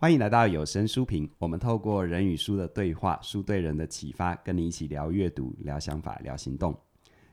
歡迎來到有聲書評。我們透過人與書的對話，書對人的啟發，跟你一起聊閱讀、聊想法、聊行動。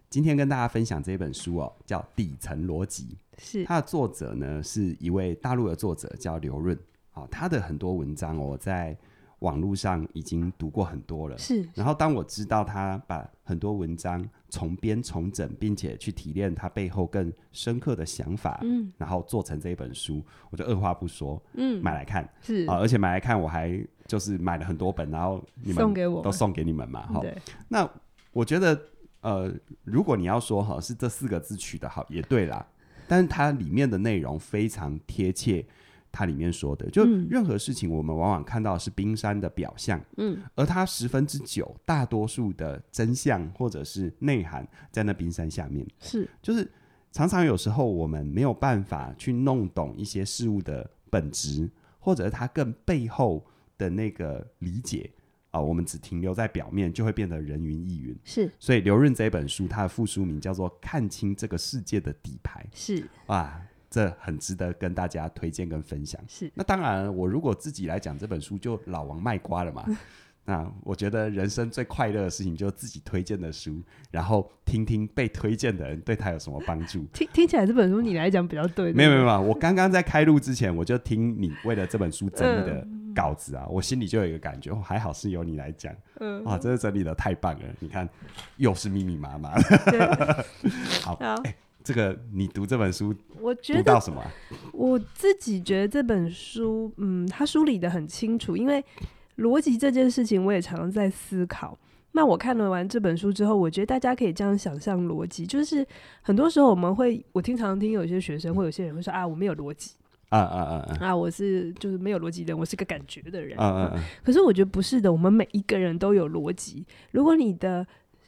今天跟大家分享這本書哦，叫《底層邏輯》，是它的作者呢是一位大陸的作者，叫劉潤。好、哦，他的很多文章我、哦、在。網絡上已經讀過很多了，是。然後當我知道他把很多文章重編、重整，並且去提煉他背後更深刻的想法，嗯，然後做成這一本書，我就二話不說，嗯，買來看，是啊、呃。而且買來看，我還就是買了很多本，然後你們都送給你們嘛，哈。齁對那我覺得，呃，如果你要說哈，是這四個字取得好，也對啦，但是它裡面的內容非常貼切。它裡面說的，就任何事情，我們往往看到的是冰山的表象，嗯，而它十分之九，大多數的真相，或者是內涵，在那冰山下面，是，就是常常有時候我們沒有辦法去弄懂一些事物的本質，或者它更背後的那個理解啊、呃，我們只停留在表面，就會變得人云亦云，是。所以劉潤這本書，它的副書名叫做《看清這個世界的底牌》，是，哇！這很值得跟大家推薦跟分享。是，那當然，我如果自己來講這本書，就老王賣瓜了嘛。 那我覺得人生最快樂的事情，就是自己推薦的書，然後聽聽被推薦的人對他有什麼幫助。聽聽起來，這本書，你來講比較對，對。 沒有沒有沒有，我剛剛在開錄之前，我就聽你為了這本書整理的稿子啊，我心裡就有一個感覺，哦、還好是由你來講。嗯。哇，真的整理的太棒了！你看，又是密密麻麻。對 好。好欸這個你讀這本書，我覺得讀到什麼啊？我自己覺得這本書，嗯，它梳理得很清楚。因為邏輯這件事情，我也常常在思考。那我看了完這本書之後，我覺得大家可以這樣想象邏輯：就是很多時候我們會，我經常聽有些學生或有些人會說、嗯、啊，我沒有邏輯，啊啊啊啊，我是就是沒有邏輯的，我是個感覺的人。可是我覺得不是的，我們每一個人都有邏輯。如果你的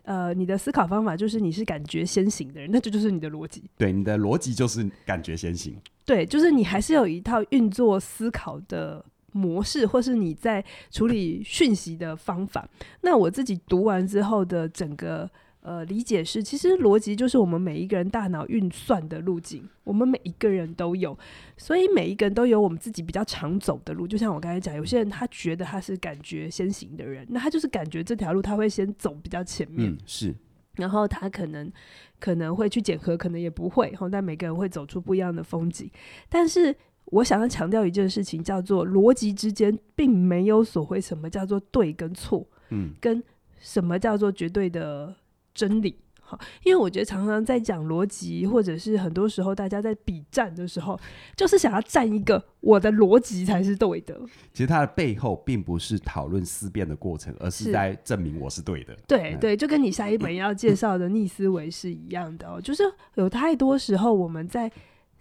呃，你的思考方法就是你是感覺先行的人，那這就，就是你的邏輯。對，你的邏輯就是感覺先行。對，就是你還是有一套運作思考的模式，或是你在處理訊息的方法。那我自己讀完之後的整個。呃，理解是，其實邏輯就是我們每一個人大腦運算的路徑，我們每一個人都有，所以每一個人都有我們自己比較常走的路。就像我剛才講，有些人他覺得他是感覺先行的人，那他就是感覺這條路他會先走比較前面，嗯、是。然後他可能可能會去檢核，可能也不會，但每個人會走出不一樣的風景。但是我想要強調一件事情，叫做邏輯之間並沒有所謂什麼叫做對跟錯，嗯，跟什麼叫做絕對的。真理。好，因為我覺得常常在講邏輯，或者是很多時候大家在比戰的時候，就是想要占一個我的邏輯才是對的。其實它的背後並不是討論思辨的過程，而是在證明我是對的。是嗯、對對，就跟你下一本要介紹的逆思維是一樣的哦，喔。嗯、就是有太多時候我們在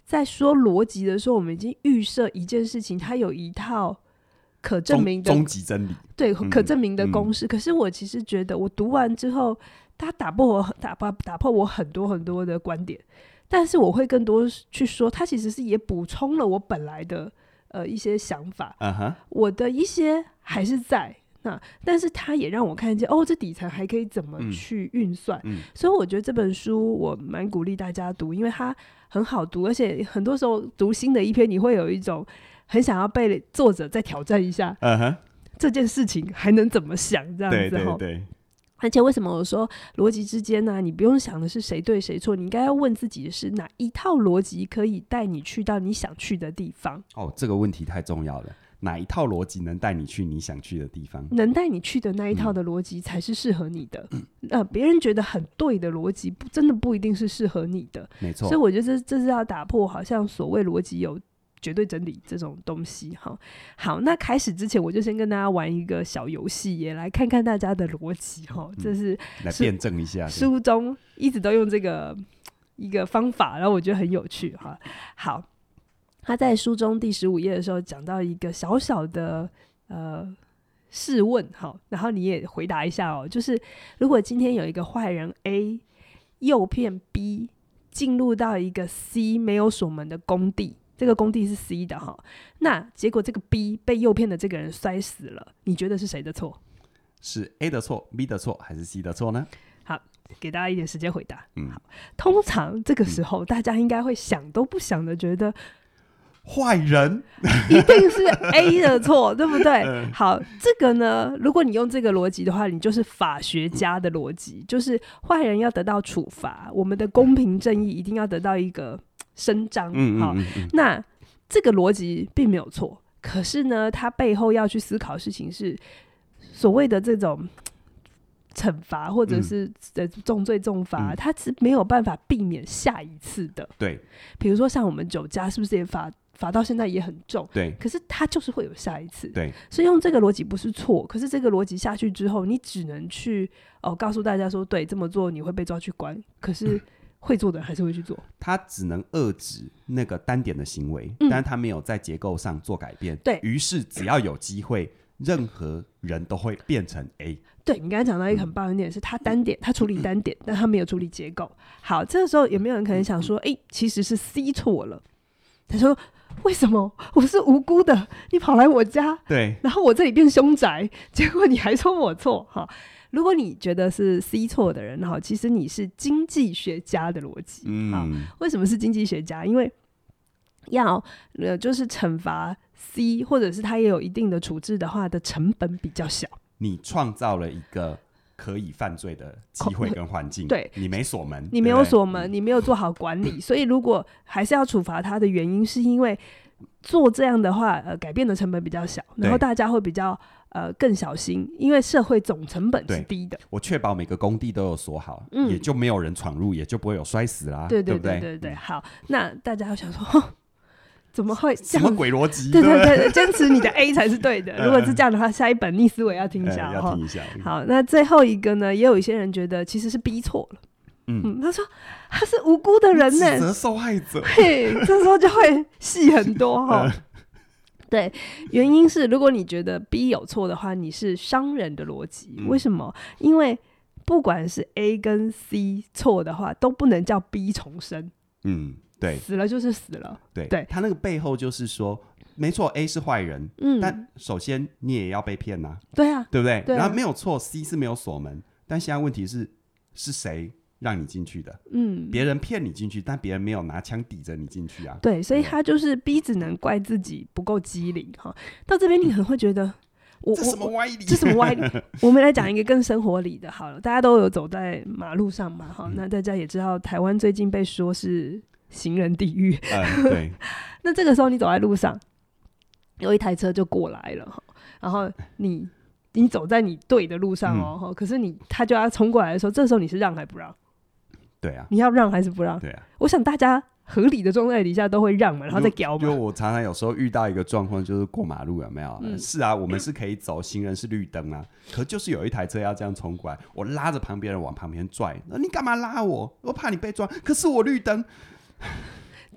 在說邏輯的時候，我們已經預設一件事情，它有一套可證明的終極真理，對，嗯、可證明的公式。嗯、可是我其實覺得，我讀完之後。他打破我，打破打破我很多很多的觀點，但是我會更多去說，他其實是也補充了我本來的呃一些想法，uh huh. 我的一些還是在那，但是他也讓我看見哦，這底層還可以怎麼去運算？嗯。所以我覺得這本書我蠻鼓勵大家讀，因為它很好讀，而且很多時候讀新的一篇，你會有一種很想要被作者再挑戰一下，uh huh. 這件事情還能怎麼想這樣子？對對對。而且為什麼我說邏輯之間呢、啊？你不用想的是誰對誰錯，你應該要問自己的是哪一套邏輯可以帶你去到你想去的地方。哦，這個問題太重要了，哪一套邏輯能帶你去你想去的地方？能帶你去的那一套的邏輯才是適合你的。那別、嗯呃、人覺得很對的邏輯，不真的不一定是適合你的。沒錯，所以我覺得這這是要打破，好像所謂邏輯有。絕對真理這種東西，哈、哦，好，那開始之前，我就先跟大家玩一個小遊戲，也來看看大家的邏輯，哈、哦，這是、嗯、來辯證一下。書中一直都用這個一個方法，然後我覺得很有趣，哈，好。他在書中第十五頁的時候講到一個小小的呃試問，哈、哦，然後你也回答一下哦，就是如果今天有一個壞人 A 誘騙 B 進入到一個 C 沒有鎖門的工地。這個工地是 C 的，哈、哦，那結果這個 B 被誘騙的這個人摔死了，你覺得是誰的錯？是 A 的錯、B 的錯還是 C 的錯呢？好，給大家一點時間回答。嗯，好，通常這個時候大家應該會想都不想的覺得壞人、嗯、一定是 A 的錯， 對不對？好，這個呢，如果你用這個邏輯的話，你就是法學家的邏輯，嗯、就是壞人要得到處罰，我們的公平正義一定要得到一個。伸張，好，嗯嗯嗯嗯，那這個邏輯並沒有錯。可是呢，他背後要去思考的事情是所謂的這種懲罰，或者是呃重罪重罰，他、嗯、是沒有辦法避免下一次的。對、嗯，比如說像我們酒駕是不是也罰罰到現在也很重？對，可是他就是會有下一次。對，所以用這個邏輯不是錯，可是這個邏輯下去之後，你只能去哦告訴大家說，對這麼做你會被抓去關，可是，嗯會做的還是會去做，他只能遏制那個單點的行為，嗯、但他沒有在結構上做改變。對，於是只要有機會，任何人都會變成 A。對，你剛才講到一個很棒的一點是，他單點，嗯、他處理單點，嗯、但他沒有處理結構。好，這個時候有沒有人可能想說，哎、嗯欸，其實是 C 錯了？他說為什麼我是無辜的？你跑來我家，對，然後我這裡變凶宅，結果你還說我錯，哈。如果你覺得是 C 錯的人哈，其實你是經濟學家的邏輯啊。為什麼是經濟學家？因為要呃，就是懲罰 C，或者是他也有一定的處置的話，的成本比較小。你創造了一個可以犯罪的機會跟環境，對，你沒鎖門，你沒有鎖門，對你沒有做好管理，所以如果還是要處罰他的原因，是因為。做這樣的話，呃，改變的成本比較小，然後大家會比較對呃更小心，因為社會總成本是低的。我確保每個工地都有鎖好，嗯，也就沒有人闖入，也就不會有摔死啦，對，對對對對對。嗯、好，那大家要想說，怎麼會這樣？什麼鬼邏輯？對對對，堅 持你的 A 才是對的。如果是這樣的話，下一本逆思維要聽一下、嗯嗯，要聽一下。嗯、好，那最後一個呢，也有一些人覺得其實是 B 錯了。嗯，他說他是無辜的人呢，受害者。嘿，這時候就會戲很多哈、哦。 呃、對，原因是如果你覺得 B 有錯的話，你是商人的邏輯。嗯、為什麼？因為不管是 A 跟 C 錯的話，都不能叫 B 重生。嗯，對，死了就是死了。對，對，他那個背後就是說，沒錯，A 是壞人。嗯，但首先你也要被騙呐、啊。對啊，對不對？對啊、然後沒有錯，C 是沒有鎖門，但現在問題是是誰？讓你進去的，嗯，別人騙你進去，但別人沒有拿槍抵着你進去啊。對，所以他就是逼，只能怪自己不夠機靈哈。到這邊你可能會覺得，嗯、我我這什麼歪理？這什麼歪理？ 我們來講一個更生活理的，好了，大家都有走在馬路上嘛，哈、哦，嗯、那大家也知道台灣最近被說是行人地獄、嗯，對呵呵。那這個時候你走在路上，有一台車就過來了，哈、哦，然後你你走在你對的路上哦，哈、嗯哦，可是你他就要衝過來的時候，這個、時候你是讓還不讓？對啊，你要讓還是不讓？對啊，我想大家合理的狀態底下都會讓嘛，然後再給我，因就,就我常常有時候遇到一個狀況，就是過馬路有沒有？嗯，是啊，我們是可以走，行人是綠燈啊，可就是有一台車要這樣衝過來，我拉着旁邊人往旁邊拽，那你幹嘛拉我？我怕你被撞，可是我綠燈，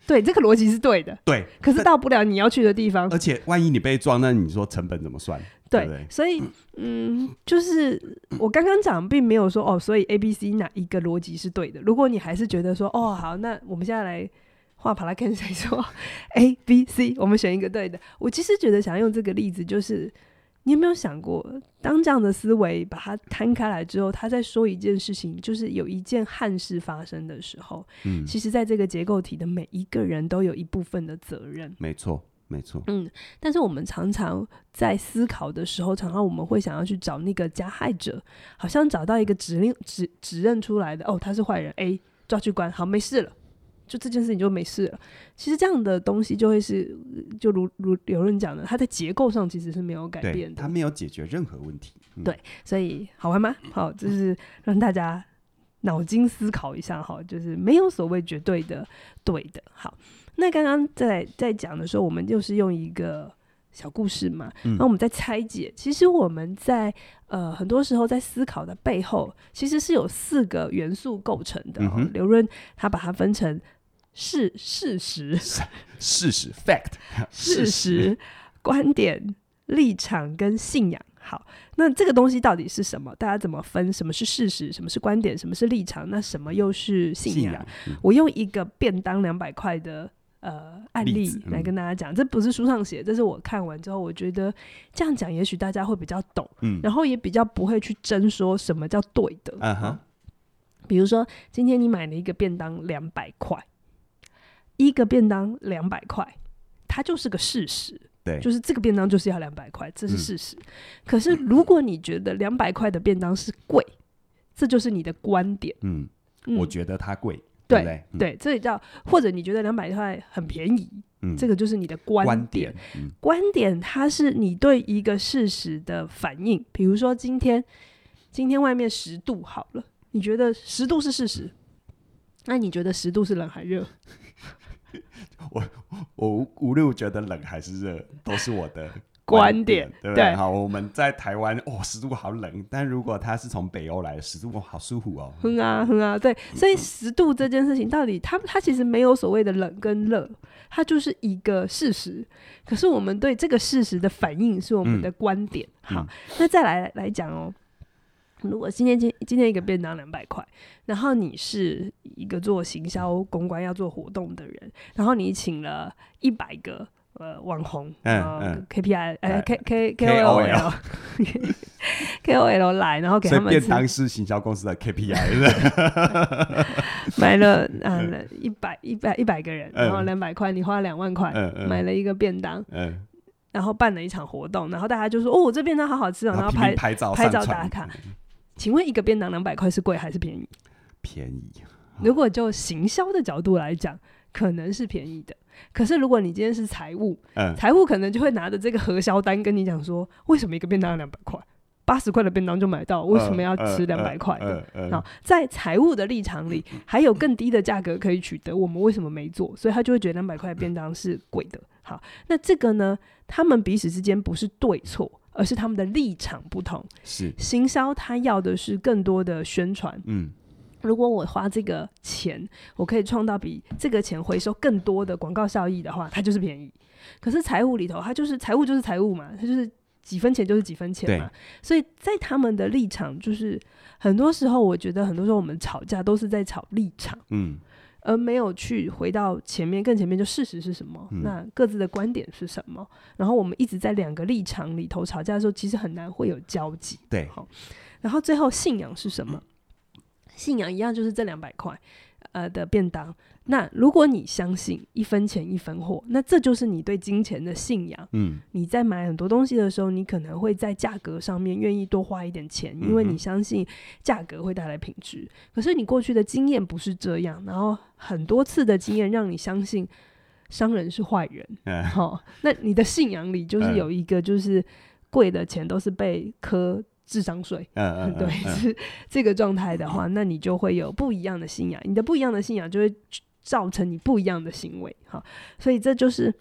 對，這個邏輯是對的，對。可是到不了你要去的地方，而且萬一你被撞，那你說成本怎麼算？對，對，對，所以嗯，就是我剛剛講，並沒有說哦，所以 A、B、C 哪一個邏輯是對的？如果你還是覺得說哦，好，那我們現在來畫帕拉肯誰說 A、B、C，我們選一個對的。我其實覺得想用這個例子，就是你有沒有想過，當這樣的思維把它攤開來之後，他在說一件事情，就是有一件憾事發生的時候，嗯，其實在這個結構體的每一個人都有一部分的責任。沒錯。沒錯，嗯，但是我們常常在思考的時候，常常我們會想要去找那個加害者，好像找到一個指認、指指認出來的，哦，他是壞人誒、欸，抓去關，好，沒事了，就這件事情就沒事了。其實這樣的東西就會是，就如如劉潤講的，它的結構上其實是沒有改變的，它沒有解決任何問題。嗯、對，所以好玩嗎？好，就是讓大家腦筋思考一下哈，就是沒有所謂絕對的對的，好。那剛剛在在講的時候，我們就是用一個小故事嘛。然後、嗯、我們在拆解，其實我們在呃很多時候在思考的背後，其實是有四個元素構成的。嗯、劉潤他把它分成是事實、事實、fact、事實、事實事實事實觀點、立場跟信仰。好，那這個東西到底是什麼？大家怎麼分？什麼是事實？什麼是觀點？什麼是立場？那什麼又是信仰？信仰嗯、我用一個便當兩百塊的。呃，案例來跟大家講，嗯、這不是書上寫，這是我看完之後，我覺得這樣講，也許大家會比較懂，嗯、然後也比較不會去爭說什麼叫對的，嗯嗯、比如說，今天你買了一個便當兩百塊，一個便當兩百塊，它就是個事實，對，就是這個便當就是要兩百塊，這是事實。嗯、可是如果你覺得兩百塊的便當是貴，這就是你的觀點，嗯，嗯我覺得它貴。對對，這裡對、嗯、叫或者你覺得兩百塊很便宜，嗯、這個就是你的觀點。觀點，嗯、觀點它是你對一個事實的反應。比如說今天，今天外面十度好了，你覺得十度是事實，嗯、那你覺得十度是冷還熱 ？我我無論覺得冷還是熱，都是我的。 觀點對不對？對好，我們在台灣，哦，十度好冷，但如果他是從北歐來的，十度好舒服哦。哼、嗯、啊，哼、嗯、啊，對。所以十度這件事情，到底他，嗯、它，它其實沒有所謂的冷跟熱，它就是一個事實。可是我們對這個事實的反應，是我們的觀點。嗯、好，那再來來講哦。如果今天今今天一個便當兩百塊，然後你是一個做行銷公關要做活動的人，然後你請了一百個。呃，網紅，嗯 k p i 呃，K K K O L，K K O L 來，然後給他們，所以當是行銷公司的 KPI 買了啊，一百一百一百個人，然後兩百塊，你花兩萬塊買了一個便當，然後辦了一場活動，然後大家就說哦，我這便當好好吃，然後拍拍照打卡。請問一個便當兩百塊是貴還是便宜？便宜。如果就行銷的角度來講。可能是便宜的，可是如果你今天是財務，財務、嗯、財務可能就會拿着這個核銷單跟你講說，為什麼一個便當要兩百塊，八十塊的便當就買到，為什麼要吃兩百塊的？嗯嗯嗯、在財務的立場裡，還有更低的價格可以取得，我們為什麼沒做？所以他就會覺得兩百塊便當是貴的。好，那這個呢，他們彼此之間不是對錯，而是他們的立場不同。是行銷他要的是更多的宣傳。嗯如果我花這個錢，我可以創造比這個錢回收更多的廣告效益的話，它就是便宜。可是財務裡頭，它就是財務，就是財務嘛，它就是幾分錢就是幾分錢嘛。對所以在他們的立場，就是很多時候，我覺得很多時候我們吵架都是在吵立場，嗯，而沒有去回到前面更前面，就事實是什麼，嗯、那各自的觀點是什麼。然後我們一直在兩個立場裡頭吵架的時候，其實很難會有交集。對，好，然後最後信仰是什麼？嗯信仰一樣就是這兩百塊，呃的便當，那如果你相信一分錢一分貨，那這就是你對金錢的信仰。嗯、你在買很多東西的時候，你可能會在價格上面願意多花一點錢，因為你相信價格會帶來品質。嗯嗯，可是你過去的經驗不是這樣，然後很多次的經驗讓你相信商人是壞人、嗯哦。那你的信仰裡就是有一個，就是貴的錢都是被坑智商稅，uh, uh, uh, uh, 對，是這個狀態的話，那你就會有不一樣的信仰，你的不一樣的信仰就會造成你不一樣的行為，好，所以這就是，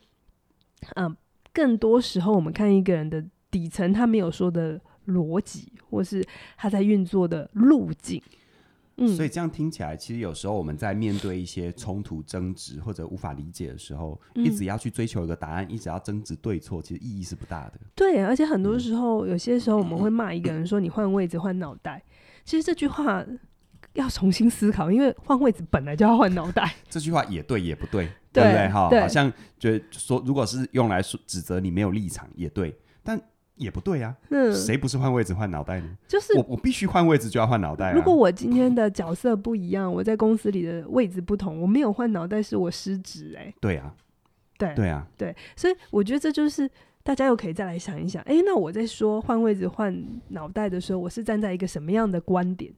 嗯，更多時候我們看一個人的底層，他沒有說的邏輯，或是他在運作的路徑。所以這樣聽起來，其實有時候我們在面對一些衝突、爭執或者無法理解的時候，一直要去追求一個答案，一直要爭執對錯，其實意義是不大的。嗯、對，而且很多時候，嗯、有些時候我們會罵一個人說：“你換位置，換腦袋。嗯”其實這句話要重新思考，因為換位置本來就要換腦袋， 這句話也對，也不對，對,對不對？哈對，好像覺得說，如果是用來說指責你沒有立場，也對，但。也不對呀、啊，那誰不是換位置換腦袋呢？就是我，我必須換位置就要換腦袋、啊。如果我今天的角色不一樣，我在公司裡的位置不同，我沒有換腦袋是我失職哎、欸。對啊，對對啊，對，所以我覺得這就是大家又可以再來想一想，哎、欸，那我在說換位置換腦袋的時候，我是站在一個什麼樣的觀點，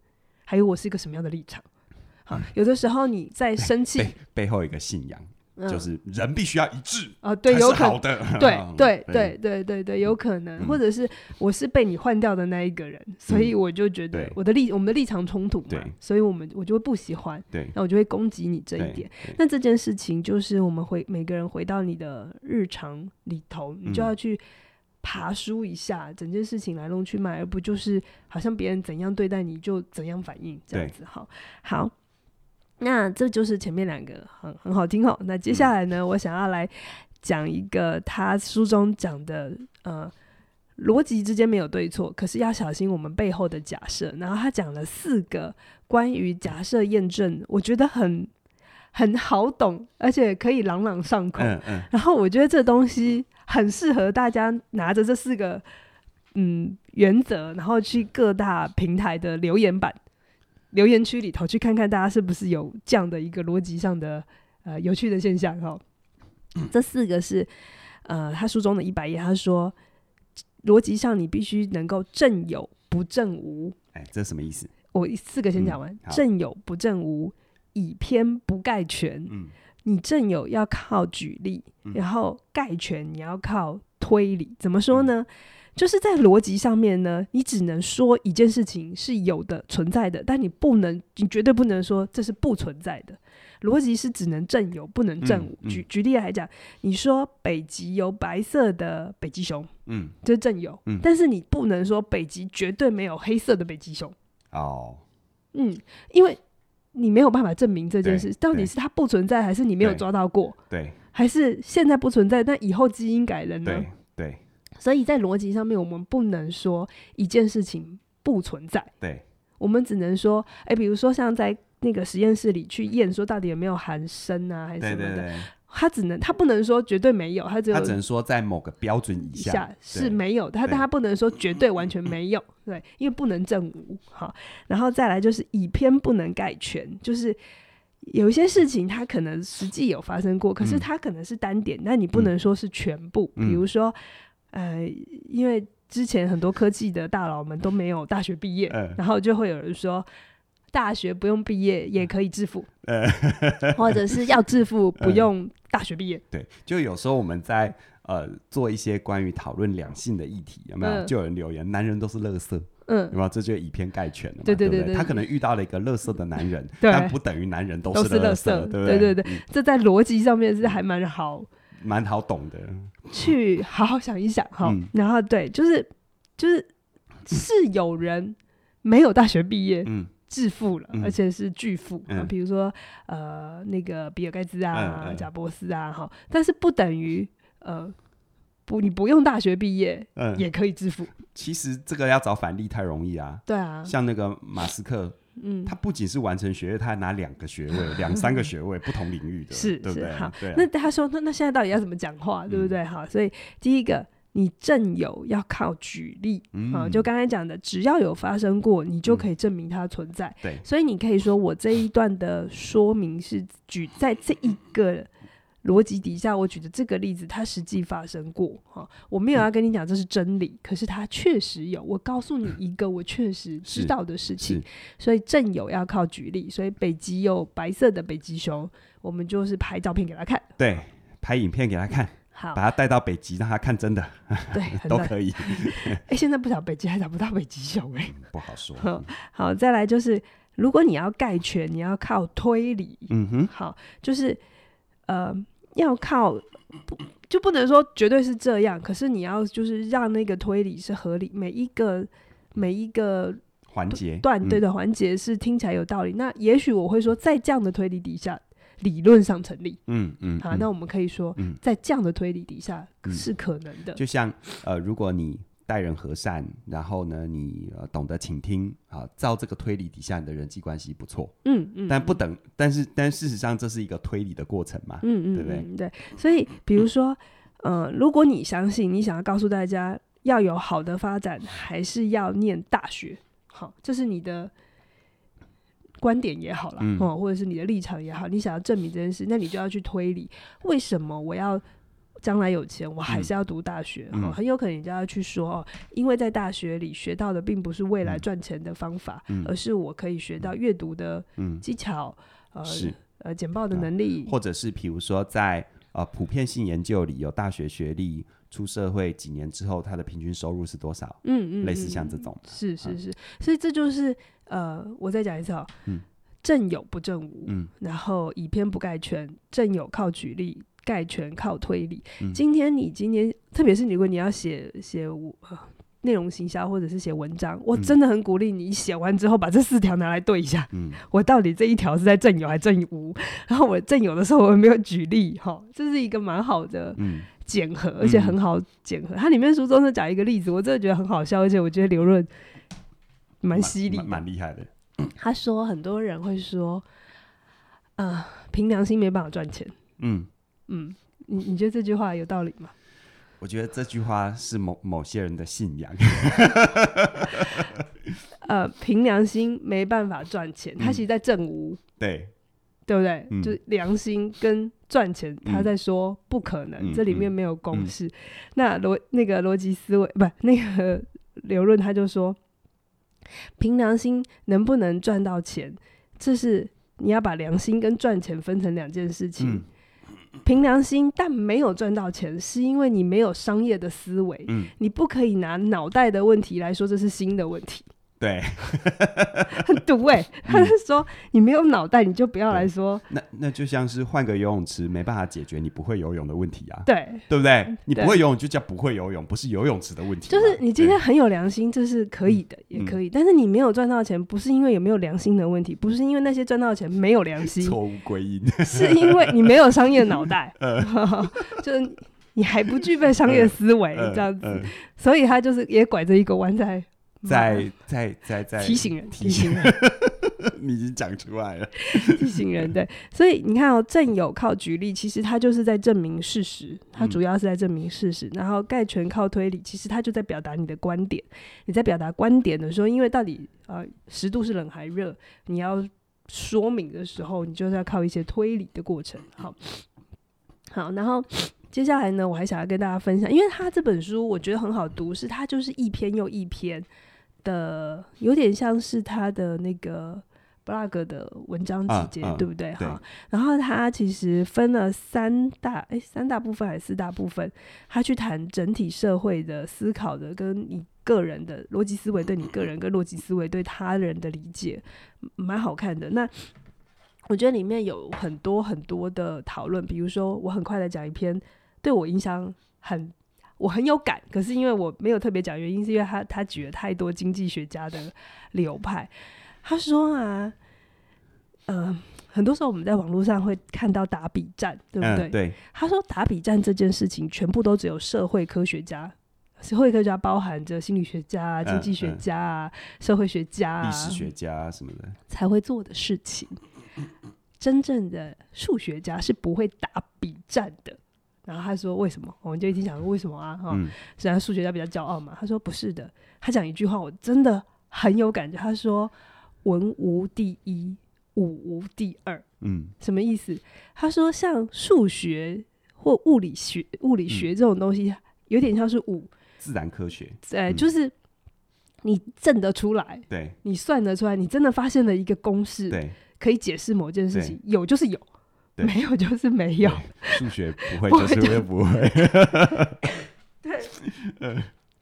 還有我是一個什麼樣的立場？嗯、好，有的時候你在生氣背、背後一個信仰。就是人必須要一致是好的、嗯、啊，對，有可能，對對對對對對，對，有可能，嗯、或者是我是被你換掉的那一個人，所以我就覺得我的立、嗯、我們的立場衝突嘛，對所以我們我就會不喜歡，對，那我就會攻擊你這一點。那這件事情就是我們會每個人回到你的日常裡頭，你就要去爬梳一下、嗯、整件事情來龍去脈，而不就是好像別人怎樣對待你就怎樣反應這樣子，對好，好。那這就是前面兩個很很好聽哦。那接下來呢，嗯。我想要來講一個他書中講的，呃，邏輯之間沒有對錯，可是要小心我們背後的假設。然後他講了四個關於假設驗證，我覺得很很好懂，而且可以朗朗上口。嗯嗯。然後我覺得這東西很適合大家拿着這四個嗯原則，然後去各大平台的留言板，留言區裡頭去看看大家是不是有這樣的一個邏輯上的呃有趣的現象、哦嗯、這四個是呃他書中的一百頁，他說邏輯上你必須能夠證有不證無。哎，這什麼意思？我四個先講完，證、嗯、有不證無，以偏不概全。嗯、你證有要靠舉例，嗯、然後概全你要靠推理。怎麼說呢？嗯就是在邏輯上面呢，你只能說一件事情是有的、存在的，但你不能、你絕對不能說這是不存在的。邏輯是只能證有，不能證無。嗯嗯、舉舉例來講，你說北極有白色的北極熊，嗯，這是證有，嗯、但是你不能說北極絕對沒有黑色的北極熊。哦，嗯，因為你沒有辦法證明這件事到底是它不存在，還是你沒有抓到過，對，對還是現在不存在，但以後基因改人呢？對。對所以在邏輯上面，我們不能說一件事情不存在，對，我們只能說，哎、欸，比如說像在那個實驗室裡去驗，說到底有沒有含砷啊，對對對還是什麼的，他只能他不能說絕對沒有，他只有他只能說在某個標準以下，下是沒有，對他但他不能說絕對完全沒有，對，對，因為不能證無哈。然後再來就是以偏不能蓋全，就是有一些事情它可能實際有發生過，嗯、可是它可能是單點，那你不能說是全部，嗯、比如說。呃，因為之前很多科技的大佬們都沒有大學畢業，嗯、然後就會有人說，大學不用畢業也可以致富，呃、嗯，嗯、或者是要致富不用大學畢業。嗯、對，就有時候我們在呃做一些關於討論兩性的議題，有沒有？嗯、就有人留言，男人都是垃圾，嗯，有沒有？這就以偏概全了嘛、嗯，對對對對，對，對。他可能遇到了一個垃圾的男人，對但不等於男人都是垃圾，垃圾對，對對對，嗯、這在邏輯上面是還蠻好。蠻好懂的，去好好想一想哈、嗯。然後對，就是就是是有人沒有大學畢業，致富了，嗯嗯、而且是巨富，比如說、嗯、呃那個比爾蓋茨啊、賈伯、嗯嗯、斯啊，哈。嗯嗯、但是不等於呃不，你不用大學畢業，嗯、也可以致富。其實這個要找反例太容易啊，對啊，像那個馬斯克。嗯，他不僅是完成學業，他還拿兩個學位，兩三個學位， 不同領域的，是，是，對不對？好，對啊、那他說，那那現在到底要怎麼講話，嗯、對不對？好，所以第一個，你證有要靠舉例，嗯，就剛才講的，只要有發生過，你就可以證明它存在。嗯、對，所以你可以說，我這一段的說明是舉在這一個。邏輯底下，我舉的這個例子，它實際發生過哈。我沒有要跟你講這是真理，可是它確實有。我告訴你一個我確實知道的事情，所以證有要靠舉例。所以北極有白色的北極熊，我們就是拍照片給他看，對，拍影片給他看，好，把他帶到北極讓他看真的，對，都可以。哎，現在不找北極還找不到北極熊哎，不好說。好，再來就是，如果你要概全，你要靠推理。嗯哼，好，就是呃。要靠不就不能說絕對是這樣，可是你要就是讓那個推理是合理，每一個每一個環節段對的環節是聽起來有道理。嗯、那也許我會說，在這樣的推理底下，理論上成立。嗯嗯，嗯好、啊，嗯、那我們可以說，在這樣的推理底下是可能的。就像呃，如果你。待人和善，然後呢，你、呃、懂得傾聽啊，照這個推理底下，你的人際關係不錯，嗯嗯，嗯但不等，嗯、但是，但是事實上這是一個推理的過程嘛，嗯嗯，對不對？對，所以比如說，嗯、呃，如果你相信，你想要告訴大家要有好的發展，還是要念大學，好、哦，這是你的觀點也好啦、嗯嗯，或者是你的立場也好，你想要證明這件事，那你就要去推理，為什麼我要？將來有錢，我還是要讀大學。嗯哦、很有可能人家要去說哦，因為在大學裡學到的並不是未來賺錢的方法，嗯、而是我可以學到閱讀的技巧，嗯、呃，是呃簡報的能力，嗯、或者是比如說在呃普遍性研究裡，有大學學歷出社會幾年之後，他的平均收入是多少？嗯嗯，嗯類似像這種。是是是，嗯、所以這就是呃，我再講一次哦，嗯，證有不證無，嗯，然後以偏不概全，證有靠舉例。概全靠推理。嗯、今天你今天，特別是你如果你要寫寫內容行銷，或者是寫文章，嗯、我真的很鼓勵你寫完之後把這四條拿來對一下。嗯，我到底這一條是在證有還是證無？然後我證有的時候我沒有舉例哈，這是一個蠻好的嗯檢核，而且很好檢核。它、嗯、裡面書中是講一個例子，我真的覺得很好笑，而且我覺得劉潤蠻犀利，蠻厲害的。他說很多人會說，啊、呃，憑良心沒辦法賺錢。嗯。嗯，你你覺得這句話有道理嗎？我覺得這句話是某某些人的信仰。 呃，憑良心沒辦法賺錢，嗯、他其實在證無，對對不對？嗯、就良心跟賺錢，他在說不可能，嗯、這裡面沒有公式。嗯嗯、那邏那個邏輯思維不那個劉潤他就說，憑良心能不能賺到錢？這是你要把良心跟賺錢分成兩件事情。嗯憑良心，但沒有賺到錢，是因為你沒有商業的思維。嗯，你不可以拿腦袋的問題來說，這是新的問題。對， 很毒哎、欸！他是說你沒有腦袋，你就不要來說。嗯、來說 那那就像是換個游泳池，沒辦法解決你不會游泳的問題啊。對，對不對？你不會游泳就叫不會游泳，不是游泳池的問題，啊。對 就是你今天很有良心，這是可以的，對 也可以。但是你沒有賺到錢，不是因為有沒有良心的問題，不是因為那些賺到錢沒有良心，錯誤歸因，是因為你沒有商業腦袋。 呃、 就是你還不具備商業思維，這樣子，呃、所以他就是也拐着一個彎在。在在在在、嗯、在，在提醒人，提醒人， 你已經講出來了。 提醒人，對，所以你看哦，喔，證有靠舉例，其實他就是在證明事實，他主要是在證明事實。嗯、然後概全靠推理，其實他就在表達你的觀點。你在表達觀點的時候，因為到底呃，十度是冷還熱，你要說明的時候，你就是要靠一些推理的過程。好，好，然後接下來呢，我還想要跟大家分享，因為他這本書我覺得很好讀，是它就是一篇又一篇。的有點像是他的那個 blog 的文章集結，uh, uh, 對不對？哈對，然後他其實分了三大，誒，三大部分還是四大部分，他去談整體社會的思考的，跟你個人的邏輯思維對你個人跟邏輯思維對他人的理解，蠻好看的。那我覺得裡面有很多很多的討論，比如說，我很快的講一篇對我印象很。我很有感，可是因為我沒有特別講原因，是因為他他舉了太多經濟學家的流派。他說啊，呃，很多時候我們在網絡上會看到打筆戰，對不對？嗯、對。他說打筆戰這件事情，全部都只有社會科學家、社會科學家包含着心理學家、經濟學家、嗯嗯、社會學家、啊、歷史學家什麼的才會做的事情。真正的數學家是不會打筆戰的。然後他說：“為什麼？”我們就一起講說：“為什麼啊？”哈、嗯，雖然、哦、數學家比較驕傲嘛。他說：“不是的。”他講一句話，我真的很有感覺。他說：“文無第一，武無，無第二。”嗯，什麼意思？他說：“像數學或物理學、物理學這種東西，有點像是武自然科學。”對，就是你證得出來，對、嗯，你算得出來，你真的發現了一個公式，對可以解釋某件事情，對有就是有。對沒有就是沒有，數學不會就是不會，就就不會，對，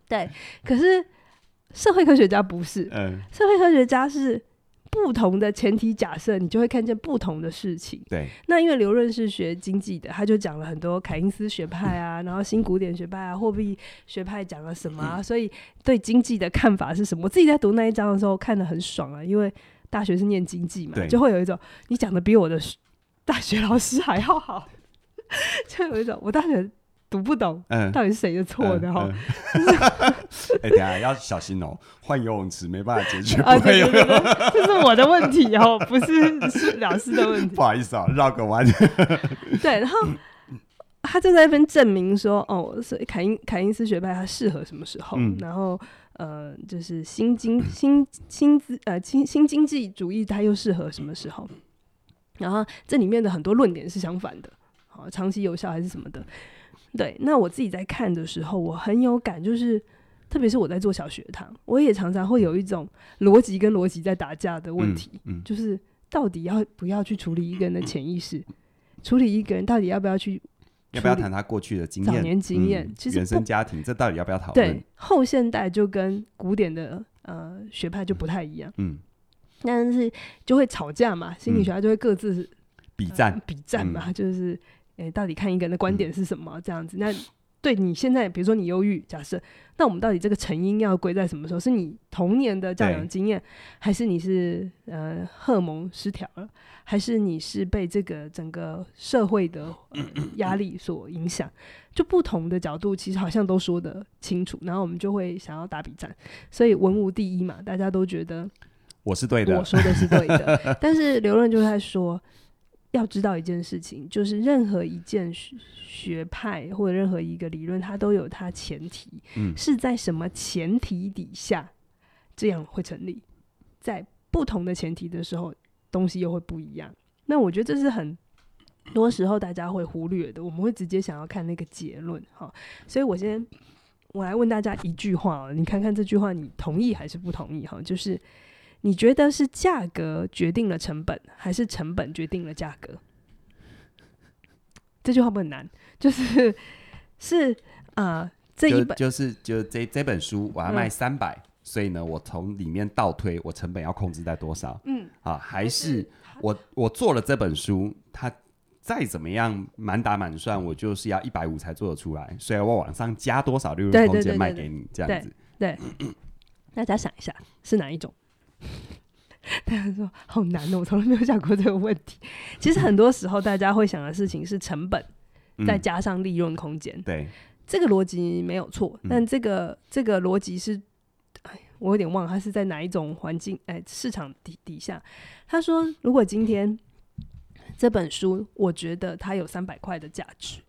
對，可是社會科學家不是，嗯、呃，社會科學家是不同的前提假設，你就會看見不同的事情。對，那因為劉潤是學經濟的，他就講了很多凱因斯學派啊，嗯、然後新古典學派啊，貨幣學派講了什麼、啊，嗯、所以對經濟的看法是什麼？我自己在讀那一章的時候看得很爽啊，因為大學是念經濟嘛，對就會有一種你講的比我的。大學老師還要好， 就有一種我大學讀不懂，嗯，到底就是誰的錯的哈？哎，等下要小心哦，換游 泳池沒辦法解決。啊，對對對，對， 這是我的問題哦，不是是老師的問題。不好意思啊，繞個彎。 對，然後他正在那邊證明說，哦，所以凱因凱因斯學派它適合什麼時候？嗯、然後呃，就是新經新新資呃新新經濟主義它又適合什麼時候？然後這裡面的很多論點是相反的，好，長期有效還是什麼的？對，那我自己在看的時候，我很有感，就是特別是我在做小學堂，我也常常會有一種邏輯跟邏輯在打架的問題，嗯嗯、就是到底要不要去處理一個人的潛意識，嗯、處理一個人到底要不要去要不要談他過去的經驗、早年經驗，其實、嗯、原生家庭這到底要不要討論？對，後現代就跟古典的呃學派就不太一樣，嗯。嗯但是就會吵架嘛，心理學家就會各自、嗯呃、筆戰筆戰嘛，嗯、就是誒、欸，到底看一個人的觀點是什麼這樣子。那、嗯、對你現在，比如說你憂鬱，假設，那我們到底這個成因要歸在什麼時候？是你童年的教養經驗，對還是你是呃荷爾蒙失調了，還是你是被這個整個社會的壓、呃嗯、力所影響？就不同的角度，其實好像都說得清楚。然後我們就會想要打筆戰，所以文無第一嘛，大家都覺得。我是對的，我說的是對的， 但是劉潤就在說，要知道一件事情，就是任何一件學派或者任何一個理論，它都有它前提，嗯、是在什麼前提底下，這樣會成立，在不同的前提的時候，東西又會不一樣。那我覺得這是很多時候大家會忽略的，我們會直接想要看那個結論，哈、哦。所以我先我來問大家一句話、哦、你看看這句話，你同意還是不同意？哈、哦，就是。你覺得是價格決定了成本，還是成本決定了價格？這句話不很難，就是是啊、呃，這一本就，就是就這這本書我要賣三百、嗯，所以呢，我從裡面倒推，我成本要控制在多少？嗯，啊，還是、嗯、我我做了這本書，它再怎麼樣滿打滿算，我就是要一百五才做得出來，所以我往上加多少利潤空間賣給你，對對對對對，這樣子。對，對，對， 大家想一下，是哪一種？他 說：“好難哦、喔，我從來沒有想過這個問題。其實很多時候，大家會想的事情是成本再加上利潤空間、嗯。對，這個邏輯沒有錯，嗯、但這個這個邏輯是……哎，我有點忘了，他是在哪一種環境？哎、欸，市場底底下，他說：如果今天這本書，我覺得它有三百塊的價值，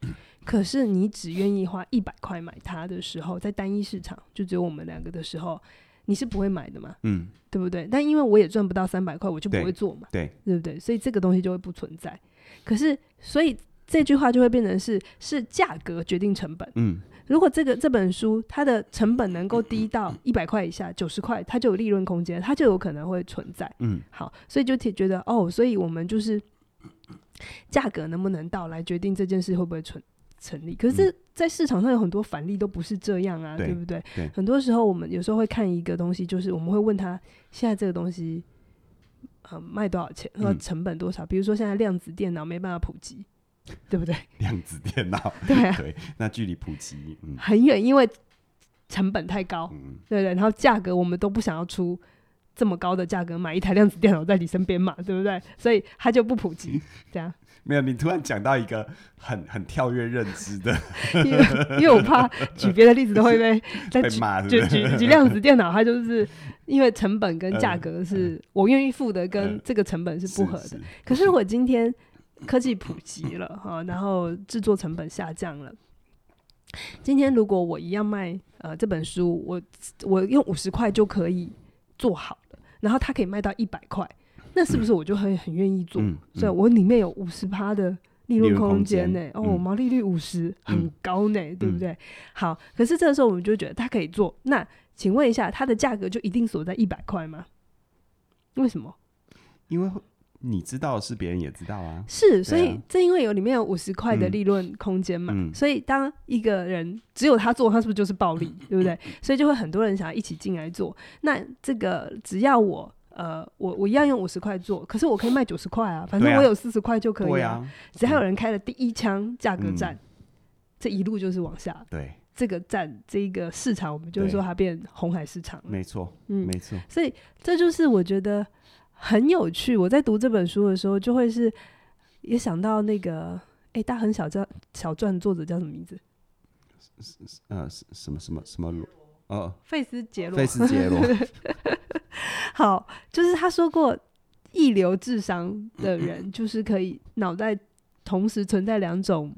可是你只願意花一百塊買它的時候，在單一市場，就只有我們兩個的時候。”你是不會買的嘛，嗯，對不對？但因為我也賺不到三百塊，我就不會做嘛，對，對，對不對？所以這個東西就會不存在。可是，所以這句話就會變成是是價格決定成本，嗯。如果這個這本書它的成本能夠低到一百塊以下，九十塊，它就有利潤空間，它就有可能會存在，嗯。好，所以就覺覺得哦，所以我們就是價格能不能到來決定這件事會不會存。成立，可是，嗯、在市場上有很多反例都不是這樣啊，對,對不對？對很多時候，我們有時候會看一個東西，就是我們會問他，現在這個東西嗯、呃、賣多少錢，嗯、成本多少？比如說，現在量子電腦沒辦法普及，嗯、對不對？量子電腦，對,、啊、對那距離普及，嗯、很遠，因為成本太高，嗯、對,對對。然後價格，我們都不想要出這麼高的價格買一台量子電腦在你身邊嘛，對不對？所以他就不普及，這樣、嗯。對啊沒有，你突然講到一個很很跳躍認知的， 因為因為我怕舉別的例子都會被再，罵 是，就舉舉量子電腦，它就是因為成本跟價格是我願意付的，跟這個成本是不合的。可是我今天科技普及了哈、 啊，然後製作成本下降了， 今天如果我一樣賣呃這本書，我我用五十塊就可以做好了，然後它可以賣到一百塊。那是不是我就很很願意做？嗯嗯、所以，我裡面有五十趴的利潤空間呢、欸。空間哦，嗯、毛利率五十很高呢、欸，嗯、對不對？好，可是這個時候我們就覺得他可以做。那請問一下，它的價格就一定鎖在一百塊嗎？為什麼？因為你知道是別人也知道啊。是，所以正因為有裡面有五十塊的利潤空間嘛。嗯、所以，當一個人只有他做，他是不是就是暴利？嗯、對不對？所以就會很多人想要一起進來做。那這個只要我。呃，我我一樣用五十塊做，可是我可以賣九十塊啊，反正我有四十塊就可以啊。啊啊嗯、只要有人開了第一槍，價格戰，這一路就是往下。對，這個戰，這個市場，我們就是說它變紅海市場了。沒錯，嗯，沒錯錯。所以這就是我覺得很有趣。我在讀這本書的時候，就會是也想到那個，哎、欸，大亨小傳小傳作者叫什麼名字？呃、啊，什麼什麼什麼羅？哦，費斯傑羅，費斯傑羅。 好，就是他說過，一流智商的人就是可以腦袋同時存在兩種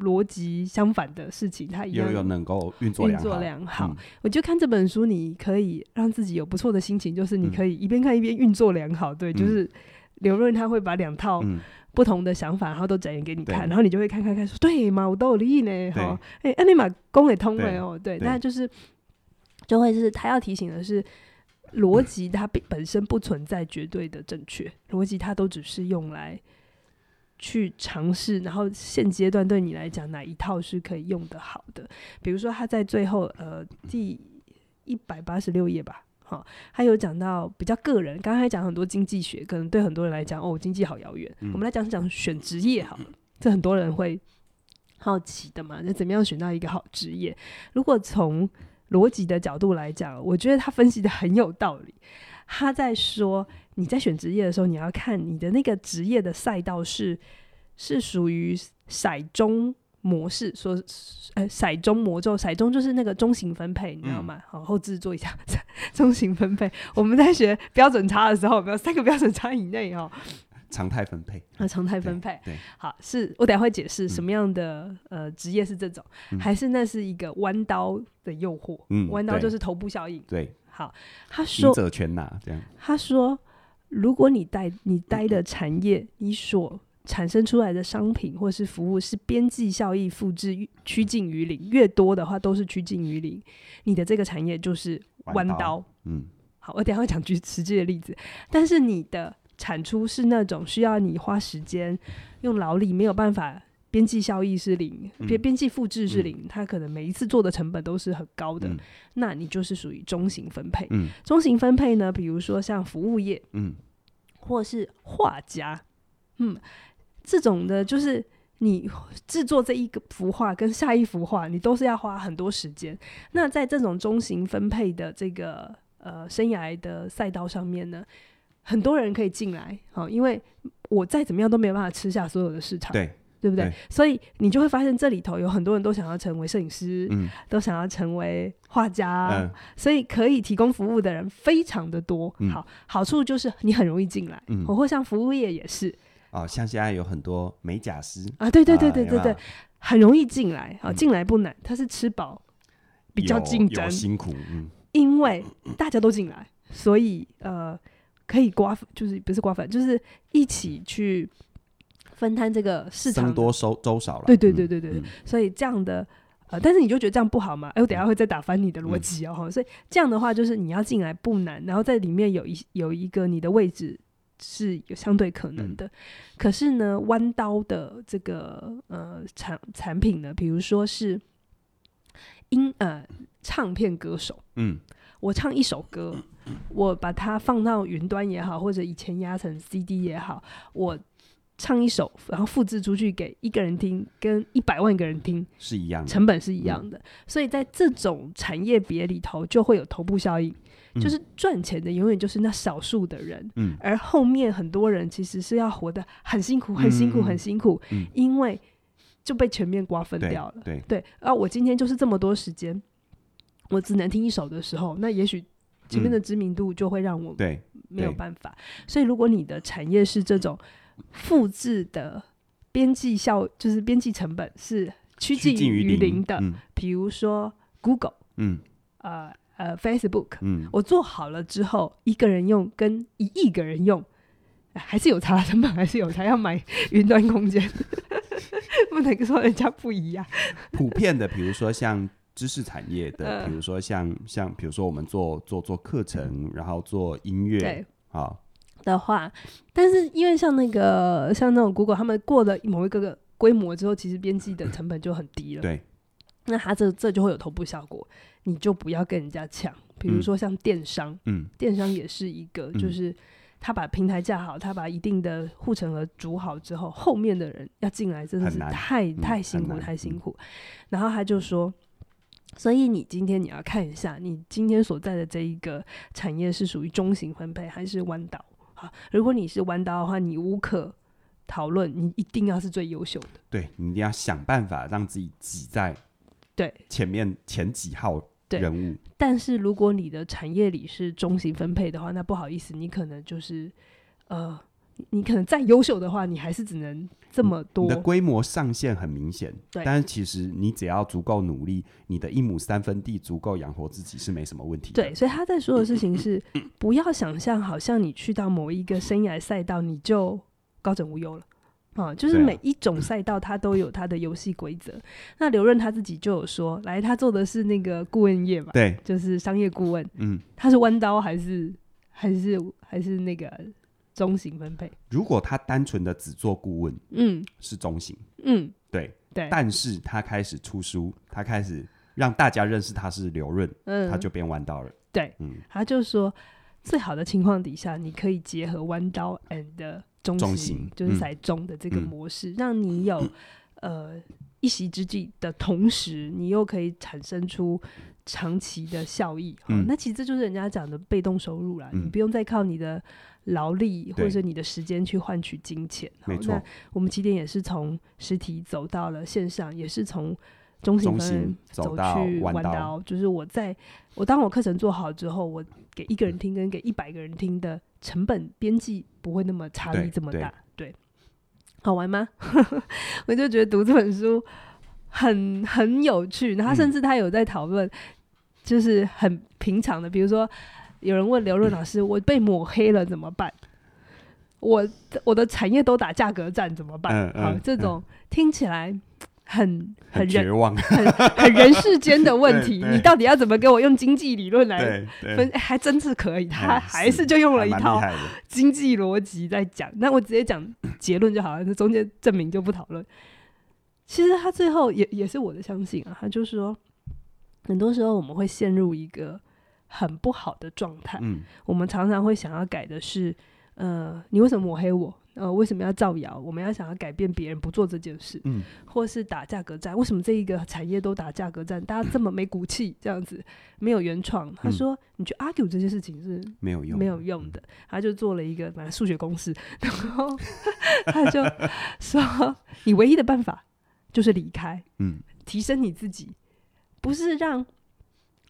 邏輯相反的事情，他一樣也有能夠運作良好，、嗯、好。我就看這本書，你可以讓自己有不錯的心情，就是你可以一邊看一邊運作良好。對，嗯、就是劉潤他會把兩套不同的想法，然後都展現給你看，嗯、然後你就會看，看，看，說對嘛，我都有利益呢，哈，哎，那你把功給通了哦，對，哦對哎啊、你那就是就會就是他要提醒的是。邏輯它本身不存在絕對的正確，邏輯它都只是用來去嘗試，然後現階段對你來講哪一套是可以用得好的。比如說，他在最後呃，第一百八十六頁吧，哈，哦，他有講到比較個人，剛才講很多經濟學，可能對很多人來講哦，經濟好遙遠。嗯。我們來講講選職業哈，這很多人會好奇的嘛，那怎麼樣選到一個好職業？如果從邏輯的角度來講，我覺得他分析的很有道理。他在說，你在選職業的時候，你要看你的那個職業的賽道是是屬於骰中模式，說呃骰中魔咒，骰中就是那個鐘型分配，你知道嗎？嗯、好，後制作一下鐘型分配。我們在學標準差的時候，三個標準差以內哦。常態分配，啊，常態分配對，對。好，是我等下會解釋什麼樣的、嗯、呃職業是這種，嗯、還是那是一個彎刀的誘惑？嗯，彎刀就是頭部效應。對，好，他說，贏者全拿這樣。他說，如果你帶你待的產業，你所產生出來的商品或是服務是邊際效益複制趨近於零，越多的話都是趨近於零，你的這個產業就是彎刀、刀。嗯，好，我等下會講舉實際的例子，但是你的，產出是那種，需要你花時間用勞力，沒有辦法邊際效益是零，邊邊際複製是零，它、嗯、可能每一次做的成本都是很高的。嗯、那你就是屬於中型分配。嗯、中型分配呢，比如說像服務業，嗯，或是畫家，嗯，這種的就是你制作這一個幅畫跟下一幅畫，你都是要花很多時間。那在這種中型分配的這個呃生涯的賽道上面呢，很多人可以進來，好，因為我再怎麼樣都沒有辦法吃下所有的市場，對，對不對？所以你就會發現這裡頭有很多人都想要成為攝影師，嗯，都想要成為畫家，所以可以提供服務的人非常的多。好，好處就是你很容易進來，嗯，或像服務業也是，哦，像現在有很多美甲師啊，對對對對對對，很容易進來，好，進來不難，他是吃飽比較競爭辛苦，嗯，因為大家都進來，所以呃。可以瓜就是不是瓜分，就是一起去分攤這個市場多收周少了，對對對對對對，嗯、所以這樣的呃，但是你就覺得這樣不好嘛？哎、欸，我等下會再打翻你的邏輯哦，嗯、所以這樣的話就是你要進來不難，然後在裡面有一有一個你的位置是有相對可能的，嗯、可是呢，彎刀的這個呃產產品呢，比如說是音呃唱片歌手，嗯。我唱一首歌，我把它放到雲端也好，或者以前壓成 CD 也好，我唱一首，然後複製出去給一個人聽，跟一百萬個人聽是一樣的，成本是一樣的。嗯、所以在這種產業別裡頭，就會有頭部效應，嗯、就是賺錢的永遠就是那少數的人，嗯、而後面很多人其實是要活得很辛苦，很辛苦，嗯、很辛苦，嗯、因為就被全面瓜分掉了，對，對，對。啊，我今天就是這麼多時間。我只能聽一首的時候，那也許前面的知名度就會讓我沒有辦法。嗯、所以，如果你的產業是這種複製的邊際效，就是邊際成本是趨近於零的，零嗯、比如說 Google，嗯，呃呃 Facebook，、嗯、我做好了之後，一個人用跟一億個人用還是有差成本，還是有差，要買雲端空間，不 能說人家不一樣。普遍的，比如說像。知識產業的，比如說像像，比如說我們做做做課程，然後做音樂啊的話，但是因為像那個像那種 Google，他們過了某一個個規模之後，其實編輯的成本就很低了。對，那他這這就會有頭部效果，你就不要跟人家搶。比如說像電商，嗯，電商也是一個，就是他把平台架好，他把一定的護城河築好之後，後面的人要進來真的是太太辛苦，太辛苦。然後他就說。所以你今天你要看一下，你今天所在的這一個產業是屬於中型分配還是彎道？好，如果你是彎道的話，你無可討論，你一定要是最優秀的。對，你一定要想辦法讓自己擠在對前面前幾號人物。但是如果你的產業裡是中型分配的話，那不好意思，你可能就是呃。你可能再優秀的話，你還是只能這麼多。嗯、你的規模上限很明顯，對但是其實你只要足夠努力，你的一畝三分地足夠養活自己是沒什麼問題的。對，所以他在說的事情是，不要想象，好像你去到某一個生涯賽道，你就高枕無憂了啊。就是每一種賽道它都有它的遊戲規則。對啊、 那劉潤他自己就有說，來，他做的是那個顧問業嘛，對，就是商業顧問。嗯，他是彎刀還是還是還是那個？中型分配，如果他單純的只做顧問，嗯，是中型，嗯，對對，對，但是他開始出書，他開始讓大家認識他是劉潤，嗯，他就變彎刀了，對，嗯，他就說最好的情況底下，你可以結合彎刀 and 中型，中型就是在中的這個模式，嗯嗯、讓你有、嗯、呃。一席之際的同時，你又可以產生出長期的效益。嗯、那其實這就是人家講的被動收入啦，嗯、你不用再靠你的勞力或者你的時間去換取金錢。沒錯，那我們起點也是從實體走到了線上，也是從中型分走到玩刀。刀就是我在我當我課程做好之後，我給一個人聽跟給一百個人聽的成本邊際不會那麼差異這麼大。好玩嗎？ 我就覺得讀這本書很很有趣。然後他甚至他有在討論，嗯、就是很平常的，比如說有人問劉潤老師：“嗯、我被抹黑了怎麼辦？”“我我的產業都打價格戰怎麼辦？”好，這種聽起來。嗯很很，人很絕望， 很很人世間的問題。 對你到底要怎麼給我用經濟理論來分？還真是可以，他還是就用了一套經濟邏輯在講。那我直接講結論就好了， 中間證明就不討論。其實他最後也也是我的相信啊，他就是說，很多時候我們會陷入一個很不好的狀態。嗯，我們常常會想要改的是，呃，你為什麼抹黑我？呃，為什麼要造謠？我們要想要改變別人不做這件事，嗯、或是打價格戰？為什麼這一個產業都打價格戰？大家這麼沒骨氣，這樣子沒有原創？嗯、他說，你去 argue 這些事情是沒有用，沒有用的。嗯、他就做了一個反正數學公式，然後 他就說，你唯一的辦法就是離開，嗯、提升你自己，不是讓。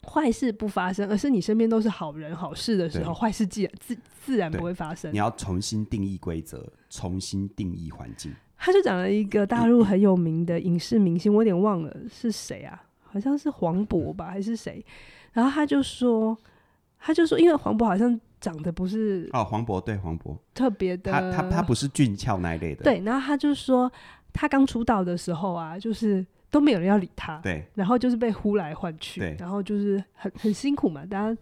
壞事不發生，而是你身邊都是好人好事的時候，壞對事自然自自然不會發生。你要重新定義規則，重新定義環境。他就講了一個大陸很有名的影視明星，嗯、我有點忘了是誰啊，好像是黃渤吧，還是誰？然後他就說，他就說，因為黃渤好像長得不是哦，黃渤對黃渤特別的，他他他不是俊俏那一類的。對，然後他就說，他剛出道的時候啊，就是。都沒有人要理他，對，然後就是被呼來喚去，對，然後就是很很辛苦嘛，大家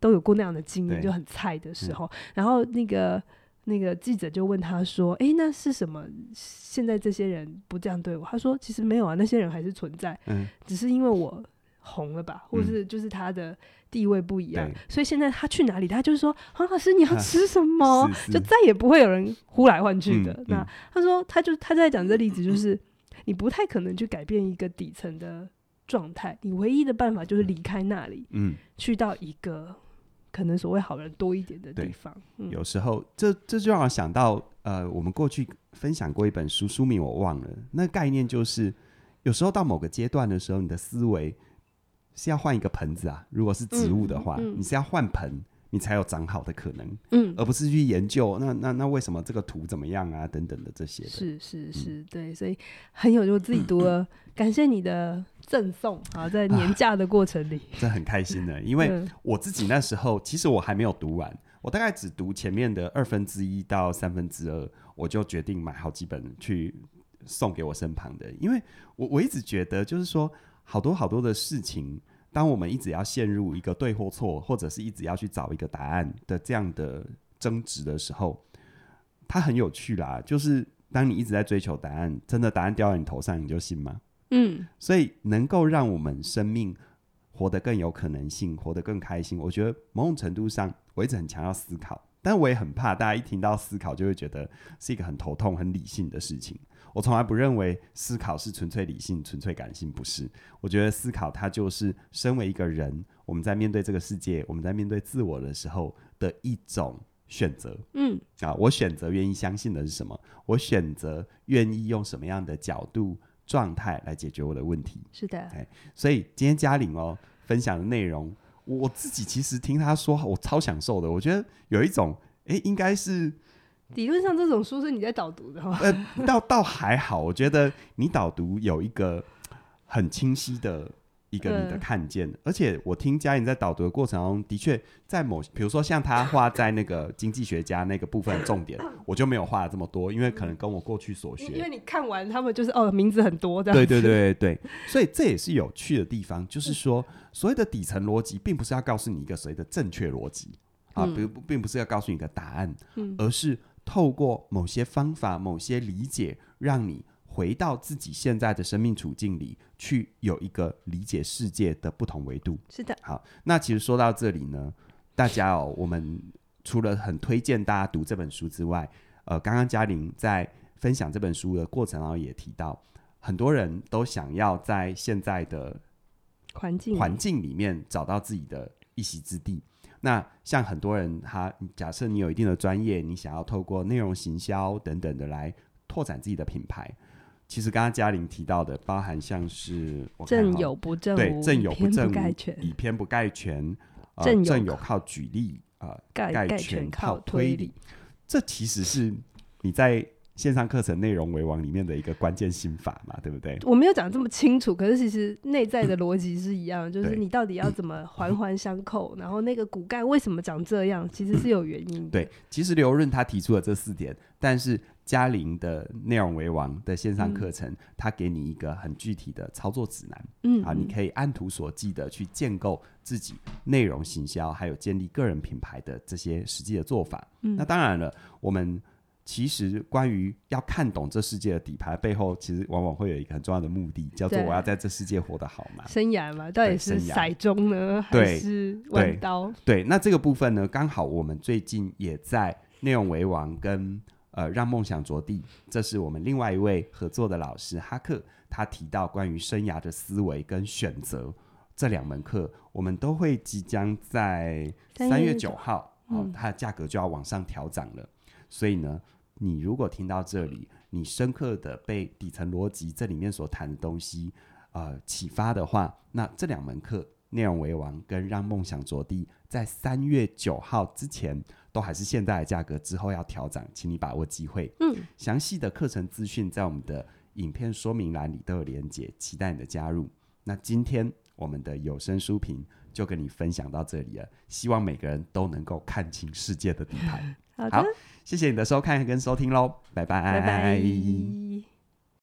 都有過那樣的經驗，對就很菜的時候。嗯、然後那個那個記者就問他說：“哎、欸，那是什麼？現在這些人不這樣對我？”他說：“其實沒有啊，那些人還是存在，嗯、只是因為我紅了吧，或是就是他的地位不一樣，嗯、所以現在他去哪裡，他就是說黃、啊、老師你要吃什麼，啊、就再也不會有人呼來喚去的。嗯”那他說他，他就他在講這例子就是。嗯你不太可能去改變一個底層的狀態，你唯一的辦法就是離開那裡，嗯，去到一個可能所謂好人多一點的地方。對嗯、有時候，這這就讓我想到，呃，我們過去分享過一本書，書名我忘了，那概念就是，有時候到某個階段的時候，你的思維是要換一個盆子啊，如果是植物的話，嗯嗯、你是要換盆。你才有長好的可能，嗯，而不是去研究那那那為什麼這個圖怎麼樣啊等等的這些的。是是是，嗯、對，所以很有，就我自己讀了，感謝你的贈送。嗯、好，在年假的過程裡，啊、這很開心的，因為我自己那時候、嗯、其實我還沒有讀完，我大概只讀前面的二分之一到三分之二，3，我就決定買好幾本去送給我身旁的，因為我我一直覺得就是說好多好多的事情。當我們一直要陷入一個對或錯，或者是一直要去找一個答案的這樣的爭執的時候，它很有趣啦。就是當你一直在追求答案，真的答案掉到你頭上，你就信嗎？嗯。所以能夠讓我們生命活得更有可能性，活得更開心，我覺得某種程度上，我一直很強調思考，但我也很怕大家一聽到思考就會覺得是一個很頭痛、很理性的事情。我從來不認為思考是純粹理性、純粹感性，不是。我覺得思考它就是身為一個人，我們在面對這個世界、我們在面對自我的時候的一種選擇。嗯，啊，我選擇願意相信的是什麼？我選擇願意用什麼樣的角度、狀態來解決我的問題。是的，哎，okay, 所以今天嘉玲哦分享的內容，我自己其實聽她說，我超享受的。我覺得有一種，哎、欸，應該是。理論上，這種書是你在導讀的話，呃，倒倒還好，我覺得你導讀有一個很清晰的一個你的看見，呃、而且我聽嘉玲在導讀的過程中的確在某，比如說像他畫在那個經濟學家那個部分重點， 我就沒有畫這麼多，因為可能跟我過去所學，因為你看完他們就是哦，名字很多的，對對對對對，所以這也是有趣的地方，就是說所謂的底層邏輯並不是要告訴你一個所謂的正確邏輯啊，嗯、比如並不是要告訴你一個答案，而是。透過某些方法、某些理解，讓你回到自己現在的生命處境裡去，有一個理解世界的不同維度。是的，好。那其實說到這裡呢，大家哦，我們除了很推薦大家讀這本書之外，呃，剛剛嘉玲在分享這本書的過程哦，然後也提到，很多人都想要在現在的環境環境裡面找到自己的一席之地。那像很多人，他假設你有一定的專業，你想要透過內容行銷等等的來拓展自己的品牌。其實剛剛嘉玲提到的，包含像是我看證有不證無，對，對證有不證無，以偏不概全，證證有靠舉例啊，概全靠推理，推理這其實是你在。線上課程內容為王裡面的一個關鍵心法嘛，對不對？我沒有講這麼清楚，可是其實內在的邏輯是一樣，嗯、就是你到底要怎麼環環相扣，嗯、然後那個骨幹為什麼長這樣，嗯、其實是有原因的。對，其實劉潤他提出了這四點，但是嘉玲的內容為王的線上課程，嗯、他給你一個很具體的操作指南。嗯，啊，你可以按圖索驥地去建構自己內容行銷，還有建立個人品牌的這些實際的做法。嗯，那當然了，我們。其實，關於要看懂這世界的底牌背後，其實往往會有一個很重要的目的，叫做我要在這世界活得好嗎？生涯嘛，到底是骰盅呢，對還是彎刀對對？對，那這個部分呢，剛好我們最近也在內容為王跟呃讓夢想着地，這是我們另外一位合作的老師哈克，他提到關於生涯的思維跟選擇這兩門課，我們都會即將在三月九號，嗯、哦，它的價格就要往上調漲了，所以呢。你如果聽到這裡，你深刻的被底層邏輯這裡面所談的東西呃啟發的話，那這兩門課《內容為王》跟《讓夢想着地》在三月九號之前都還是現在的價格，之後要調整，請你把握機會。嗯，詳細的課程資訊在我們的影片說明欄裡都有連結，期待你的加入。那今天我們的有聲書評就跟你分享到這裡了，希望每個人都能夠看清世界的底牌。 好的。好謝謝你的收看跟收聽嘍，拜拜。拜拜。